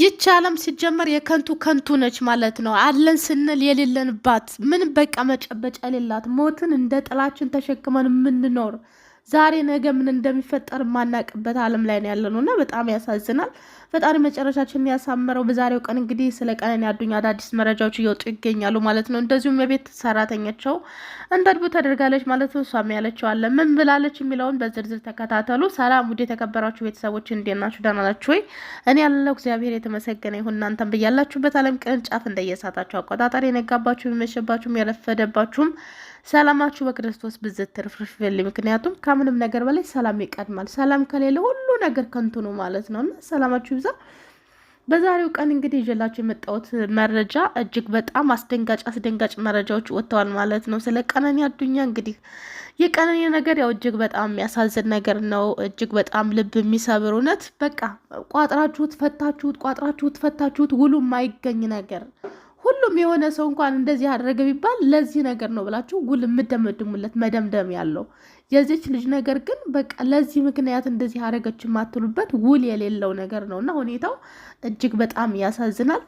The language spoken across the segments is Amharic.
ይች ዓለም ሲጀመር የከንቱ ከንቱ ነች ማለት ነው። አለን ስንል የሌለንባት ምን በቃ መጨበጫ የሌላት ሞትን እንደ ጥላችን ተሸክመን የምንኖር ዛሬ ነገ ምን እንደሚፈጠር የማናቅበት ዓለም ላይ ነው ያለነው እና በጣም ያሳዝናል። ፈጣሪ መጨረሻችን ያሳምረው። በዛሬው ቀን እንግዲህ ስለ ቀነኒ አዱኛ አዳዲስ መረጃዎች እየወጡ ይገኛሉ ማለት ነው። እንደዚሁም የቤት ሰራተኛቸው እንደድቡ ተደርጋለች ማለት ነው። እሷም ያለችው አለ ምን ብላለች የሚለውን በዝርዝር ተከታተሉ። ሰላም ውድ የተከበራችሁ ቤተሰቦች እንዴት ናችሁ? ደህና ናችሁ ወይ? እኔ ያለው እግዚአብሔር የተመሰገነ ይሁን። እናንተም ብያላችሁበት ዓለም ቅርንጫፍ እንደየሳታችሁ አቆጣጠር የነጋባችሁም የመሸባችሁም ያለፈደባችሁም ሰላማችሁ በክርስቶስ ብዝት ትርፍርፍል። ምክንያቱም ከምንም ነገር በላይ ሰላም ይቀድማል። ሰላም ከሌለ ሁሉ ነገር ከንቱ ነው ማለት ነው እና ሰላማችሁ ይብዛ። በዛሬው ቀን እንግዲህ ይዤላችሁ የመጣሁት መረጃ እጅግ በጣም አስደንጋጭ አስደንጋጭ መረጃዎች ወጥተዋል ማለት ነው። ስለ ቀነኒ አዱኛ እንግዲህ የቀነኒ ነገር ያው እጅግ በጣም የሚያሳዝን ነገር ነው። እጅግ በጣም ልብ የሚሰብር እውነት፣ በቃ ቋጥራችሁት ፈታችሁት፣ ቋጥራችሁት ፈታችሁት፣ ውሉ የማይገኝ ነገር ሁሉም የሆነ ሰው እንኳን እንደዚህ አደረገ ቢባል ለዚህ ነገር ነው ብላችሁ ጉል የምደመድሙለት መደምደም ያለው የዚች ልጅ ነገር ግን በቃ ለዚህ ምክንያት እንደዚህ አደረገች የማትሉበት ውል የሌለው ነገር ነው እና ሁኔታው እጅግ በጣም ያሳዝናል።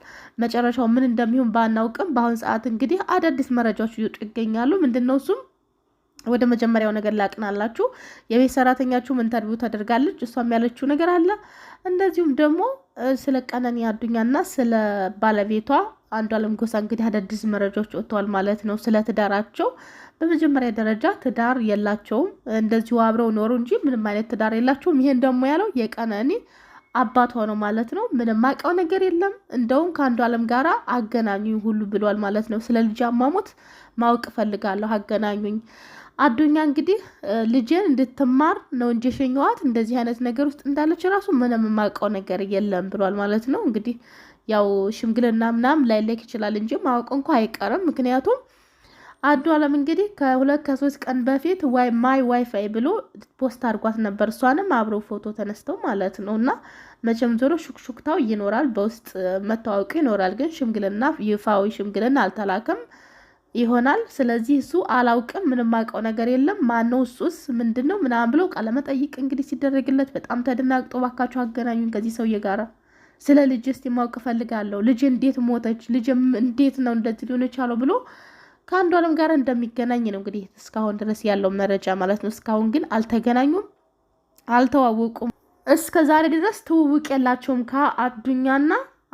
መጨረሻው ምን እንደሚሆን ባናውቅም በአሁን ሰዓት እንግዲህ አዳዲስ መረጃዎች ይወጡ ይገኛሉ። ምንድን ነው እሱም ወደ መጀመሪያው ነገር ላቅናላችሁ። የቤት ሰራተኛችሁ ኢንተርቪው ተደርጋለች። እሷም ያለችው ነገር አለ። እንደዚሁም ደግሞ ስለ ቀነኒ አዱኛና ስለ ባለቤቷ አንዷለም ጎሳ እንግዲህ አዳዲስ መረጃዎች ወጥተዋል ማለት ነው ስለ ትዳራቸው። በመጀመሪያ ደረጃ ትዳር የላቸውም፣ እንደዚሁ አብረው ኖሩ እንጂ ምንም አይነት ትዳር የላቸውም። ይሄን ደግሞ ያለው የቀነኒ አባት ሆነው ማለት ነው። ምንም አውቀው ነገር የለም እንደውም ከአንዷለም ጋራ አገናኙኝ ሁሉ ብሏል ማለት ነው። ስለ ልጅ አሟሟት ማወቅ እፈልጋለሁ አገናኙኝ። አዱኛ እንግዲህ ልጄን እንድትማር ነው እንጂ የሸኘኋት እንደዚህ አይነት ነገር ውስጥ እንዳለች ራሱ ምንም የማውቀው ነገር የለም ብሏል ማለት ነው እንግዲህ ያው ሽምግልና ምናምን ላይለክ ይችላል እንጂ ማወቅ እንኳ አይቀርም። ምክንያቱም አዱ አለም እንግዲህ ከሁለት ከሶስት ቀን በፊት ዋይ ማይ ዋይፋይ ብሎ ፖስት አድርጓት ነበር። እሷንም አብሮ ፎቶ ተነስተው ማለት ነው። እና መቼም ዞሮ ሹክሹክታው ይኖራል፣ በውስጥ መተዋወቁ ይኖራል። ግን ሽምግልና ይፋዊ ሽምግልና አልተላከም ይሆናል። ስለዚህ እሱ አላውቅም፣ ምንም አውቀው ነገር የለም፣ ማነው እሱስ ምንድን ነው ምናምን ብሎ ቃለመጠይቅ እንግዲህ ሲደረግለት በጣም ተደናግጦ ባካቸው አገናኙን ከዚህ ሰውዬ ጋራ ስለ ልጅ እስቲ ማወቅ እፈልጋለሁ። ልጅ እንዴት ሞተች? ልጅ እንዴት ነው እንደዚህ ሊሆን የቻለው ብሎ ከአንዱ አለም ጋር እንደሚገናኝ ነው እንግዲህ እስካሁን ድረስ ያለው መረጃ ማለት ነው። እስካሁን ግን አልተገናኙም፣ አልተዋወቁም። እስከ ዛሬ ድረስ ትውውቅ የላቸውም ከአዱኛና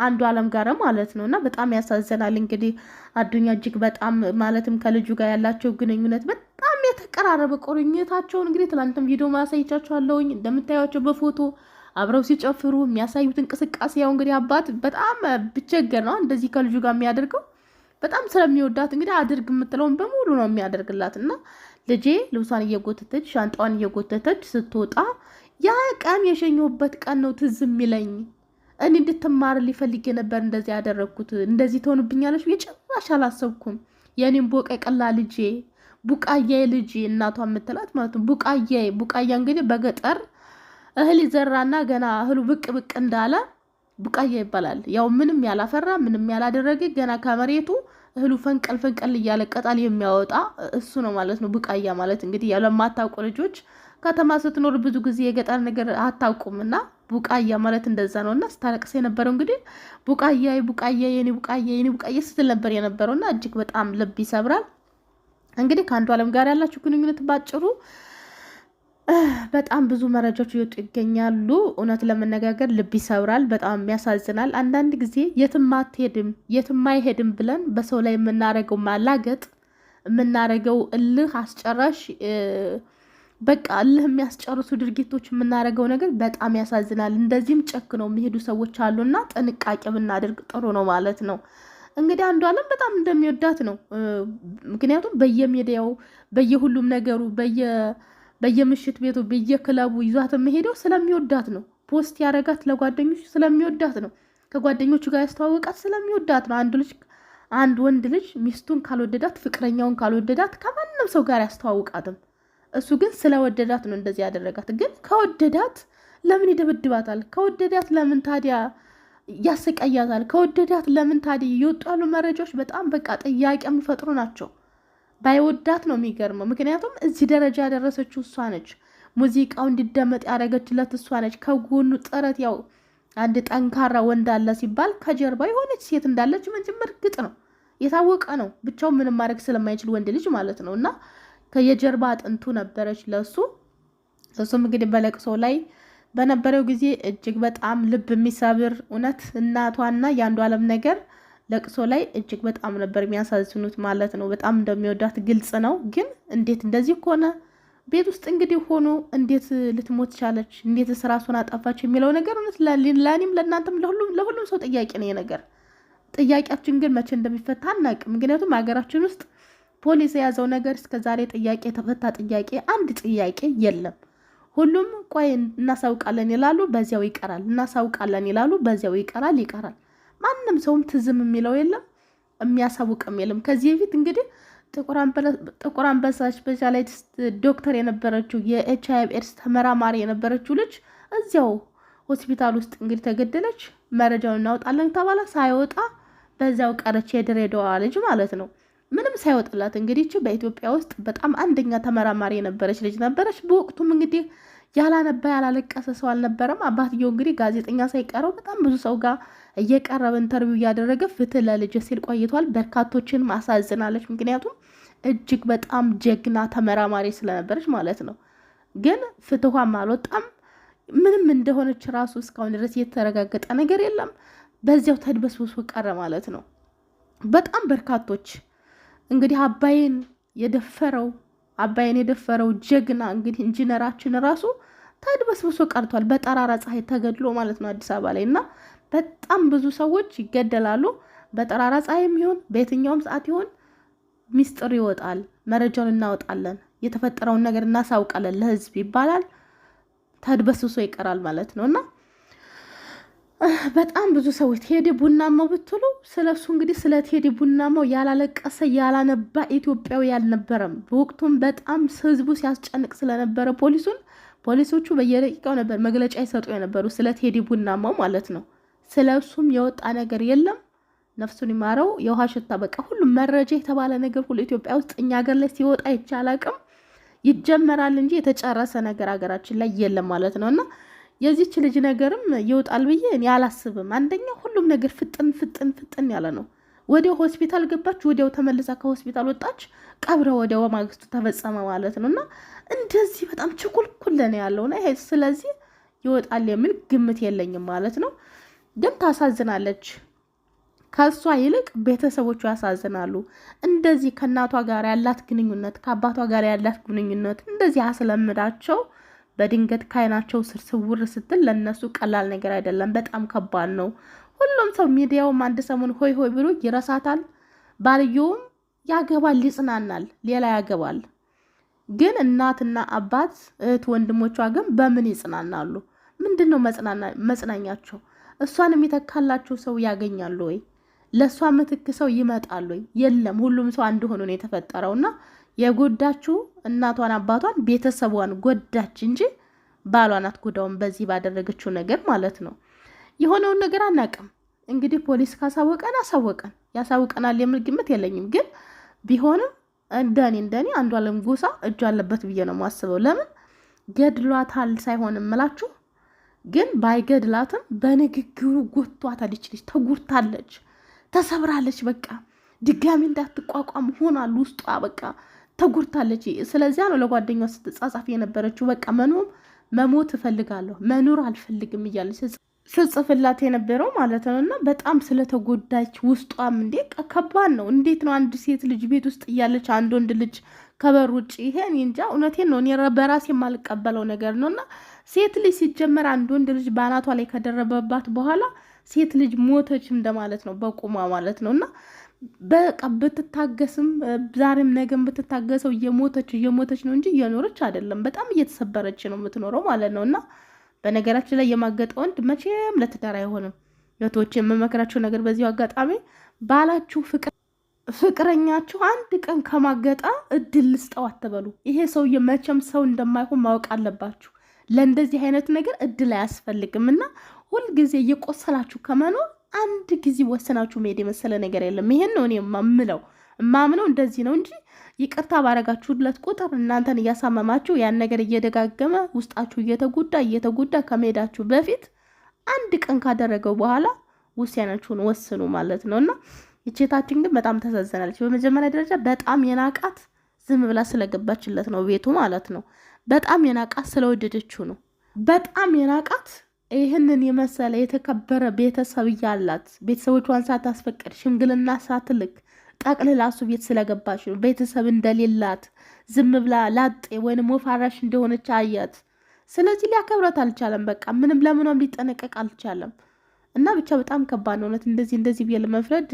አንዱ አለም ጋር ማለት ነው። እና በጣም ያሳዘናል እንግዲህ አዱኛ እጅግ በጣም ማለትም ከልጁ ጋር ያላቸው ግንኙነት በጣም የተቀራረበ ቁርኝታቸውን እንግዲህ ትላንትም ቪዲዮ ማሳይቻቸዋለሁኝ እንደምታያቸው በፎቶ አብረው ሲጨፍሩ የሚያሳዩት እንቅስቃሴ ያው እንግዲህ አባት በጣም ብቸገር ነው እንደዚህ ከልጁ ጋር የሚያደርገው በጣም ስለሚወዳት እንግዲህ አድርግ የምትለውን በሙሉ ነው የሚያደርግላት። እና ልጄ ልብሷን እየጎተተች ሻንጣዋን እየጎተተች ስትወጣ ያ ቀን የሸኘሁበት ቀን ነው ትዝ የሚለኝ። እኔ እንድትማር ሊፈልግ ነበር እንደዚህ ያደረግኩት። እንደዚህ ትሆንብኛለች የጭራሽ አላሰብኩም። የእኔም ቀላ ልጄ ቡቃያዬ ልጅ እናቷ የምትላት ማለት ነው። ቡቃያ እንግዲህ በገጠር እህል ይዘራና ገና እህሉ ብቅ ብቅ እንዳለ ቡቃያ ይባላል። ያው ምንም ያላፈራ ምንም ያላደረገ ገና ከመሬቱ እህሉ ፈንቀል ፈንቀል እያለ ቅጠል የሚያወጣ እሱ ነው ማለት ነው ቡቃያ ማለት እንግዲህ ለማታውቁ ልጆች ከተማ ስትኖር ብዙ ጊዜ የገጠር ነገር አታውቁም እና ቡቃያ ማለት እንደዛ ነው። እና ስታለቅስ የነበረው እንግዲህ ቡቃያ ቡቃያ የኔ ቡቃያ የኔ ቡቃያ ስትል ነበር የነበረው እና እጅግ በጣም ልብ ይሰብራል። እንግዲህ ከአንዱ አለም ጋር ያላችሁ ግንኙነት ባጭሩ በጣም ብዙ መረጃዎች እየወጡ ይገኛሉ። እውነት ለመነጋገር ልብ ይሰብራል፣ በጣም ያሳዝናል። አንዳንድ ጊዜ የትም አትሄድም የትም አይሄድም ብለን በሰው ላይ የምናደርገው ማላገጥ የምናደርገው እልህ አስጨራሽ በቃ እልህ የሚያስጨርሱ ድርጊቶች የምናደርገው ነገር በጣም ያሳዝናል። እንደዚህም ነው የሚሄዱ ሰዎች አሉና ጥንቃቄ ብናደርግ ጥሩ ነው ማለት ነው። እንግዲህ አንዷለም በጣም እንደሚወዳት ነው። ምክንያቱም በየሚዲያው በየሁሉም ነገሩ በየ በየምሽት ቤቱ በየክለቡ ይዟት የምሄደው ስለሚወዳት ነው። ፖስት ያደረጋት ለጓደኞች ስለሚወዳት ነው። ከጓደኞቹ ጋር ያስተዋወቃት ስለሚወዳት ነው። አንድ ልጅ አንድ ወንድ ልጅ ሚስቱን ካልወደዳት፣ ፍቅረኛውን ካልወደዳት ከማንም ሰው ጋር ያስተዋውቃትም። እሱ ግን ስለወደዳት ነው እንደዚህ ያደረጋት። ግን ከወደዳት ለምን ይደበድባታል? ከወደዳት ለምን ታዲያ ያሰቃያታል? ከወደዳት ለምን ታዲያ የወጡ ያሉ መረጃዎች በጣም በቃ ጥያቄ የሚፈጥሩ ናቸው። ባይወዳት ነው የሚገርመው። ምክንያቱም እዚህ ደረጃ ያደረሰችው እሷ ነች። ሙዚቃው እንዲደመጥ ያደረገችለት እሷ ነች። ከጎኑ ጥረት ያው አንድ ጠንካራ ወንድ አለ ሲባል ከጀርባ የሆነች ሴት እንዳለች መቼም እርግጥ ነው የታወቀ ነው። ብቻው ምንም ማድረግ ስለማይችል ወንድ ልጅ ማለት ነው እና ከየጀርባ አጥንቱ ነበረች ለሱ። እሱም እንግዲህ በለቅሶ ላይ በነበረው ጊዜ እጅግ በጣም ልብ የሚሰብር እውነት እናቷና የአንዱ አለም ነገር ለቅሶ ላይ እጅግ በጣም ነበር የሚያሳዝኑት ማለት ነው። በጣም እንደሚወዳት ግልጽ ነው። ግን እንዴት እንደዚህ ከሆነ ቤት ውስጥ እንግዲህ ሆኖ እንዴት ልትሞት ቻለች? እንዴት ራሷን አጠፋች? የሚለው ነገር እውነት ለእኔም ለእናንተም ለሁሉም ሰው ጥያቄ ነው ነገር ጥያቄያችን ግን መቼ እንደሚፈታ አናውቅም። ምክንያቱም ሀገራችን ውስጥ ፖሊስ የያዘው ነገር እስከዛሬ ጥያቄ የተፈታ ጥያቄ አንድ ጥያቄ የለም። ሁሉም ቆይ እናሳውቃለን ይላሉ፣ በዚያው ይቀራል። እናሳውቃለን ይላሉ፣ በዚያው ይቀራል ይቀራል ማንም ሰውም ትዝም የሚለው የለም የሚያሳውቅም የለም። ከዚህ በፊት እንግዲህ ጥቁር አንበሳች ስፔሻላይት ዶክተር የነበረችው የኤች አይ ቪ ኤድስ ተመራማሪ የነበረችው ልጅ እዚያው ሆስፒታል ውስጥ እንግዲህ ተገደለች። መረጃውን እናወጣለን ተባለ፣ ሳይወጣ በዚያው ቀረች። የድሬዳዋ ልጅ ማለት ነው ምንም ሳይወጣላት እንግዲህ በኢትዮጵያ ውስጥ በጣም አንደኛ ተመራማሪ የነበረች ልጅ ነበረች። በወቅቱም እንግዲህ ያላነባ ያላለቀሰ ሰው አልነበረም። አባትየው እንግዲህ ጋዜጠኛ ሳይቀረው በጣም ብዙ ሰው ጋር እየቀረበ ኢንተርቪው እያደረገ ፍትህ ለልጅ ሲል ቆይቷል። በርካቶችን ማሳዝናለች ምክንያቱም እጅግ በጣም ጀግና ተመራማሪ ስለነበረች ማለት ነው። ግን ፍትኋም አልወጣም። ምንም እንደሆነች ራሱ እስካሁን ድረስ የተረጋገጠ ነገር የለም። በዚያው ተድበስብሶ ቀረ ማለት ነው። በጣም በርካቶች እንግዲህ አባይን የደፈረው አባይን የደፈረው ጀግና እንግዲህ ኢንጂነራችን ራሱ ተድበስብሶ ቀርቷል። በጠራራ ፀሐይ ተገድሎ ማለት ነው አዲስ አበባ ላይ እና በጣም ብዙ ሰዎች ይገደላሉ። በጠራራ ፀሐይም ይሁን በየትኛውም ሰዓት ይሁን ሚስጥር ይወጣል። መረጃውን እናወጣለን፣ የተፈጠረውን ነገር እናሳውቃለን ለህዝብ ይባላል። ተድበስብሶ ይቀራል ማለት ነው እና በጣም ብዙ ሰዎች ቴዲ ቡናማው ብትሉ ስለሱ እንግዲህ ስለ ቴዲ ቡናማው ያላለቀሰ ያላነባ ኢትዮጵያዊ ያልነበረም። በወቅቱም በጣም ህዝቡ ሲያስጨንቅ ስለነበረ ፖሊሱን ፖሊሶቹ በየደቂቃው ነበር መግለጫ ይሰጡ የነበሩ ስለ ቴዲ ቡናማው ማለት ነው። ስለ እሱም የወጣ ነገር የለም። ነፍሱን ይማረው። የውሃ ሽታ በቃ ሁሉም መረጃ የተባለ ነገር ሁሉ ኢትዮጵያ ውስጥ እኛ ሀገር ላይ ሲወጣ ይቻል አቅም ይጀመራል እንጂ የተጨረሰ ነገር ሀገራችን ላይ የለም ማለት ነው እና የዚች ልጅ ነገርም ይወጣል ብዬ እኔ አላስብም። አንደኛ ሁሉም ነገር ፍጥን ፍጥን ፍጥን ያለ ነው። ወዲያው ሆስፒታል ገባች፣ ወዲያው ተመልሳ ከሆስፒታል ወጣች፣ ቀብረ ወዲያው በማግስቱ ተፈጸመ ማለት ነው እና እንደዚህ በጣም ችኩልኩል ነው ያለውና ይሄ ስለዚህ ይወጣል የሚል ግምት የለኝም ማለት ነው። ግን ታሳዝናለች። ከእሷ ይልቅ ቤተሰቦቹ ያሳዝናሉ። እንደዚህ ከእናቷ ጋር ያላት ግንኙነት ከአባቷ ጋር ያላት ግንኙነት እንደዚህ አስለምዳቸው በድንገት ካይናቸው ስር ስውር ስትል ለእነሱ ቀላል ነገር አይደለም፣ በጣም ከባድ ነው። ሁሉም ሰው ሚዲያውም አንድ ሰሞን ሆይ ሆይ ብሎ ይረሳታል። ባልየውም ያገባል፣ ይጽናናል፣ ሌላ ያገባል። ግን እናትና አባት እህት ወንድሞቿ ግን በምን ይጽናናሉ? ምንድን ነው መጽናኛቸው? እሷን የሚተካላችሁ ሰው ያገኛሉ ወይ? ለእሷ ምትክ ሰው ይመጣሉ ወይ? የለም። ሁሉም ሰው አንድ ሆኖ ነው እና የጎዳችሁ እናቷን አባቷን ቤተሰቧን ጎዳች እንጂ ባሏን አትጎዳውም። በዚህ ባደረገችው ነገር ማለት ነው። የሆነውን ነገር አናቅም። እንግዲህ ፖሊስ ካሳወቀን አሳወቀን፣ ያሳውቀናል የሚል ግምት የለኝም። ግን ቢሆንም እንደኔ እንደኔ አንዷለም ጎሳ እጁ አለበት ብዬ ነው የማስበው። ለምን ገድሏታል ሳይሆን ምላችሁ ግን ባይገድላትም በንግግሩ ጎቷታል። ይች ልጅ ተጉርታለች፣ ተሰብራለች። በቃ ድጋሚ እንዳትቋቋም ሆናል ውስጧ በቃ ተጉርታለች። ስለዚያ ነው ለጓደኛ ስትጻጻፍ የነበረችው። በቃ መኖም መሞት እፈልጋለሁ መኖር አልፈልግም እያለች ስጽፍላት የነበረው ማለት ነው። እና በጣም ስለተጎዳች ውስጧም እንዴ ከባድ ነው። እንዴት ነው አንድ ሴት ልጅ ቤት ውስጥ እያለች አንድ ወንድ ልጅ ከበር ውጭ ይሄን እንጃ እውነቴን ነው። እኔ በራሴ የማልቀበለው ነገር ነው እና ሴት ልጅ ሲጀመር አንድ ወንድ ልጅ በአናቷ ላይ ከደረበባት በኋላ ሴት ልጅ ሞተች እንደማለት ነው፣ በቁማ ማለት ነው እና በቃ ብትታገስም ዛሬም ነገም ብትታገሰው እየሞተች እየሞተች ነው እንጂ እየኖረች አይደለም። በጣም እየተሰበረች ነው የምትኖረው ማለት ነው እና በነገራችን ላይ የማገጠ ወንድ መቼም ለትዳር አይሆንም። ለቶች የምመክራቸው ነገር በዚሁ አጋጣሚ ባላችሁ ፍቅር ፍቅረኛችሁ አንድ ቀን ከማገጣ እድል ልስጠው አትበሉ። ይሄ ሰውዬ መቼም ሰው እንደማይሆን ማወቅ አለባችሁ። ለእንደዚህ አይነት ነገር እድል አያስፈልግም እና ሁልጊዜ እየቆሰላችሁ ከመኖር አንድ ጊዜ ወሰናችሁ መሄድ የመሰለ ነገር የለም። ይሄን ነው እኔ የማምለው እማምነው እንደዚህ ነው እንጂ ይቅርታ ባረጋችሁለት ቁጥር እናንተን እያሳመማችሁ ያን ነገር እየደጋገመ ውስጣችሁ እየተጎዳ እየተጎዳ ከመሄዳችሁ በፊት አንድ ቀን ካደረገው በኋላ ውሳኔያችሁን ወስኑ ማለት ነው እና ይቼታችን ግን በጣም ተሳዘናለች። በመጀመሪያ ደረጃ በጣም የናቃት ዝም ብላ ስለገባችለት ነው ቤቱ ማለት ነው። በጣም የናቃት ስለወደደችው ነው። በጣም የናቃት ይህንን የመሰለ የተከበረ ቤተሰብ እያላት ቤተሰቦቿን ሳታስፈቅድ ሽምግልና ሳትልክ ጠቅልላ እሱ ቤት ስለገባች ነው። ቤተሰብ እንደሌላት ዝም ብላ ላጤ ወይንም ወፋራሽ እንደሆነች አያት። ስለዚህ ሊያከብረት አልቻለም። በቃ ምንም ለምኗም ሊጠነቀቅ አልቻለም። እና ብቻ በጣም ከባድ ነው እውነት እንደዚህ እንደዚህ ብዬ ለመፍረድ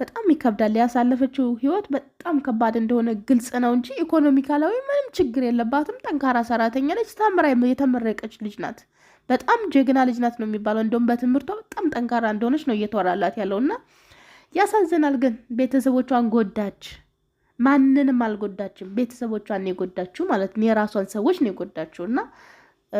በጣም ይከብዳል። ያሳለፈችው ህይወት በጣም ከባድ እንደሆነ ግልጽ ነው እንጂ ኢኮኖሚካላዊ ምንም ችግር የለባትም። ጠንካራ ሰራተኛ ነች። ተምራ የተመረቀች ልጅ ናት። በጣም ጀግና ልጅ ናት ነው የሚባለው። እንደውም በትምህርቷ በጣም ጠንካራ እንደሆነች ነው እየተወራላት ያለው እና ያሳዝናል። ግን ቤተሰቦቿን ጎዳች። ማንንም አልጎዳችም። ቤተሰቦቿን የጎዳችው ማለት የራሷን ሰዎች ነው የጎዳችው እና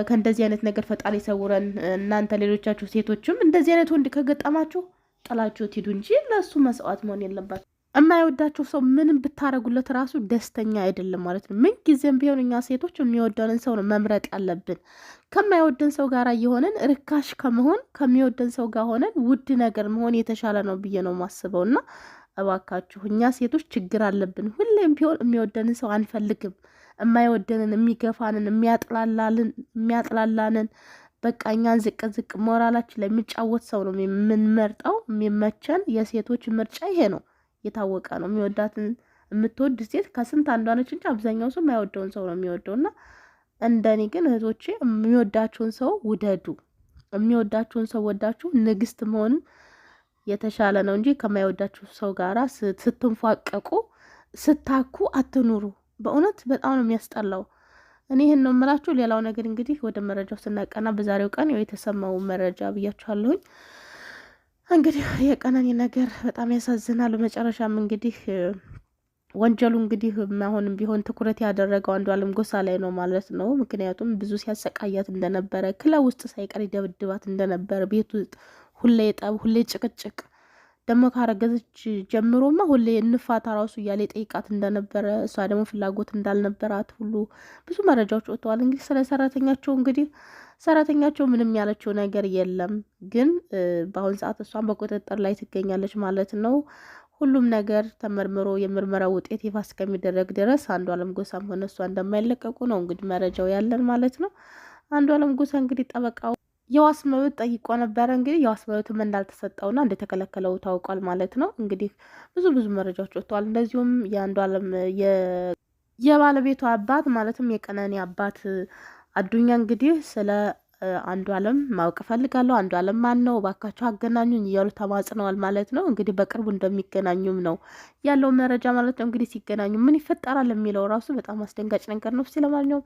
ከእንደዚህ አይነት ነገር ፈጣሪ ይሰውረን። እናንተ ሌሎቻችሁ ሴቶችም እንደዚህ አይነት ወንድ ከገጠማችሁ ጥላችሁ ሂዱ እንጂ ለእሱ መስዋዕት መሆን የለባት የማይወዳችሁ ሰው ምንም ብታደረጉለት ራሱ ደስተኛ አይደለም ማለት ነው። ምን ጊዜም ቢሆን እኛ ሴቶች የሚወደንን ሰው ነው መምረጥ ያለብን። ከማይወደን ሰው ጋር የሆነን ርካሽ ከመሆን ከሚወደን ሰው ጋር ሆነን ውድ ነገር መሆን የተሻለ ነው ብዬ ነው ማስበው እና እባካችሁ እኛ ሴቶች ችግር አለብን። ሁሌም ቢሆን የሚወደንን ሰው አንፈልግም። የማይወደንን፣ የሚገፋንን፣ የሚያጥላላንን በቃ እኛን ዝቅ ዝቅ ሞራላችን ላይ የሚጫወት ሰው ነው የምንመርጠው። የሚመቸን የሴቶች ምርጫ ይሄ ነው፣ የታወቀ ነው። የሚወዳትን የምትወድ ሴት ከስንት አንዷ ነች እንጂ አብዛኛው ሰው የማይወደውን ሰው ነው የሚወደው። የሚወደውና እንደኔ ግን እህቶቼ የሚወዳችሁን ሰው ውደዱ። የሚወዳችሁን ሰው ወዳችሁ ንግስት መሆንን የተሻለ ነው እንጂ ከማይወዳችሁ ሰው ጋር ስትንፏቀቁ ስታኩ አትኑሩ። በእውነት በጣም ነው የሚያስጠላው። እኔ ይህን ነው የምላችሁ። ሌላው ነገር እንግዲህ ወደ መረጃው ስናቀና በዛሬው ቀን የተሰማው መረጃ ብያችኋለሁኝ። እንግዲህ የቀነኒ ነገር በጣም ያሳዝናል። በመጨረሻም እንግዲህ ወንጀሉ እንግዲህ አሁንም ቢሆን ትኩረት ያደረገው አንዷለም ጎሳ ላይ ነው ማለት ነው። ምክንያቱም ብዙ ሲያሰቃያት እንደነበረ፣ ክለብ ውስጥ ሳይቀር ደብድባት እንደነበረ ቤት ሁሌ ጠብ፣ ሁሌ ጭቅጭቅ ደግሞ ካረገዘች ጀምሮማ ሁሌ እንፋታ ራሱ እያለ ጠይቃት እንደነበረ እሷ ደግሞ ፍላጎት እንዳልነበራት ሁሉ ብዙ መረጃዎች ወጥተዋል። እንግዲህ ስለ ሰራተኛቸው እንግዲህ ሰራተኛቸው ምንም ያለችው ነገር የለም፣ ግን በአሁን ሰዓት እሷን በቁጥጥር ላይ ትገኛለች ማለት ነው። ሁሉም ነገር ተመርምሮ የምርመራ ውጤት ይፋ እስከሚደረግ ድረስ አንዱ አለም ጎሳም ሆነ እሷ እንደማይለቀቁ ነው እንግዲህ መረጃው ያለን ማለት ነው። አንዱ አለም ጎሳ እንግዲህ ጠበቃው የዋስ መብት ጠይቆ ነበረ። እንግዲህ የዋስ መብትም እንዳልተሰጠውና እንደተከለከለው ታውቋል ማለት ነው። እንግዲህ ብዙ ብዙ መረጃዎች ወጥተዋል። እንደዚሁም የአንዱ አለም የባለቤቷ አባት ማለትም የቀነኒ አባት አዱኛ እንግዲህ ስለ አንዱ አለም ማወቅ እፈልጋለሁ፣ አንዱ አለም ማን ነው እባካችሁ አገናኙኝ እያሉ ተማጽነዋል ማለት ነው። እንግዲህ በቅርቡ እንደሚገናኙም ነው ያለው መረጃ ማለት ነው። እንግዲህ ሲገናኙ ምን ይፈጠራል የሚለው ራሱ በጣም አስደንጋጭ ነገር ነው። ስለማንኛውም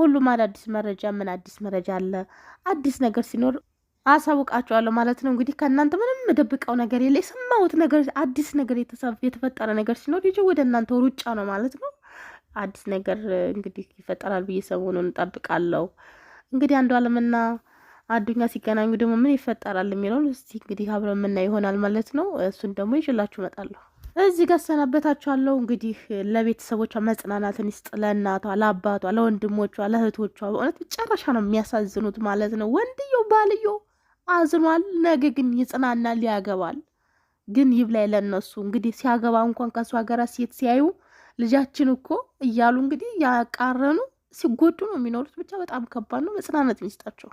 ሁሉም አዳዲስ መረጃ ምን አዲስ መረጃ አለ አዲስ ነገር ሲኖር አሳውቃቸዋለሁ ማለት ነው። እንግዲህ ከእናንተ ምንም መደብቀው ነገር የለ። የሰማሁት ነገር አዲስ ነገር የተፈጠረ ነገር ሲኖር ይዤ ወደ እናንተ ሩጫ ነው ማለት ነው። አዲስ ነገር እንግዲህ ይፈጠራል ብዬ ሰሞኑን እንጠብቃለሁ። እንግዲህ አንዱ አለምና አዱኛ ሲገናኙ ደግሞ ምን ይፈጠራል የሚለውን እስቲ እንግዲህ አብረ የምናየው ይሆናል ማለት ነው። እሱን ደግሞ ይዤላችሁ እመጣለሁ። እዚህ ጋር ሰናበታችኋለሁ። እንግዲህ ለቤተሰቦቿ መጽናናትን ይስጥ፣ ለእናቷ፣ ለአባቷ፣ ለወንድሞቿ፣ ለእህቶቿ። በእውነት መጨረሻ ነው የሚያሳዝኑት ማለት ነው። ወንድየው ባልየው አዝኗል። ነገ ግን ይጽናናል፣ ያገባል። ግን ይብላይ ለነሱ እንግዲህ ሲያገባ እንኳን ከእሱ ሀገራት ሴት ሲያዩ ልጃችን እኮ እያሉ እንግዲህ ያቃረኑ ሲጎዱ ነው የሚኖሩት። ብቻ በጣም ከባድ ነው። መጽናናት ይስጣቸው።